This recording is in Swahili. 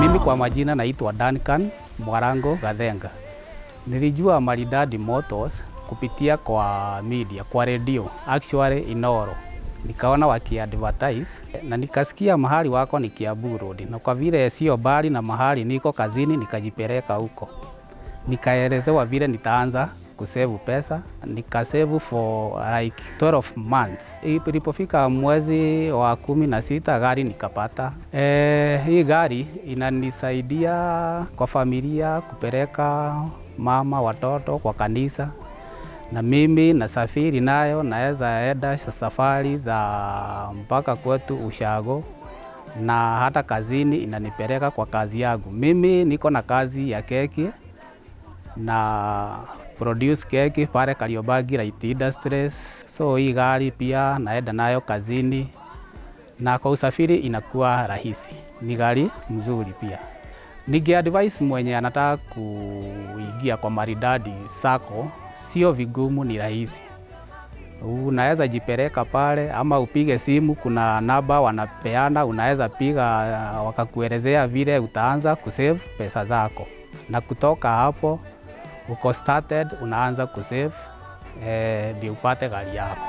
Mimi kwa majina naitwa Duncan Mwarango Gathenga. Nilijua Maridadi Motors kupitia kwa media, kwa redio actually Inoro, nikaona advertise na nikasikia mahali wako ni Kiambu Road, na kwa vile sio bali na mahali niko kazini, nikajipeleka huko nikaelezewa vile nitaanza kusevu pesa, nikasevu for like 12 months. Ilipofika mwezi wa kumi na sita gari nikapata. E, hii gari inanisaidia kwa familia kupeleka mama watoto kwa kanisa na mimi nasafiri nayo, naweza enda safari za mpaka kwetu Ushago na hata kazini inanipeleka kwa kazi yangu. Mimi niko na kazi ya keki na produce keki pale Kariobangi Light Industries. So hii gari pia naenda nayo kazini na kwa usafiri inakuwa rahisi, ni gari mzuri pia. Nige advice mwenye anataka kuingia kwa Maridadi sako, sio vigumu, ni rahisi. Unaweza jipeleka pale ama upige simu, kuna namba wanapeana, unaweza piga wakakuelezea vile utaanza kusave pesa zako na kutoka hapo uko started unaanza kusave eh, ndio upate gari yako.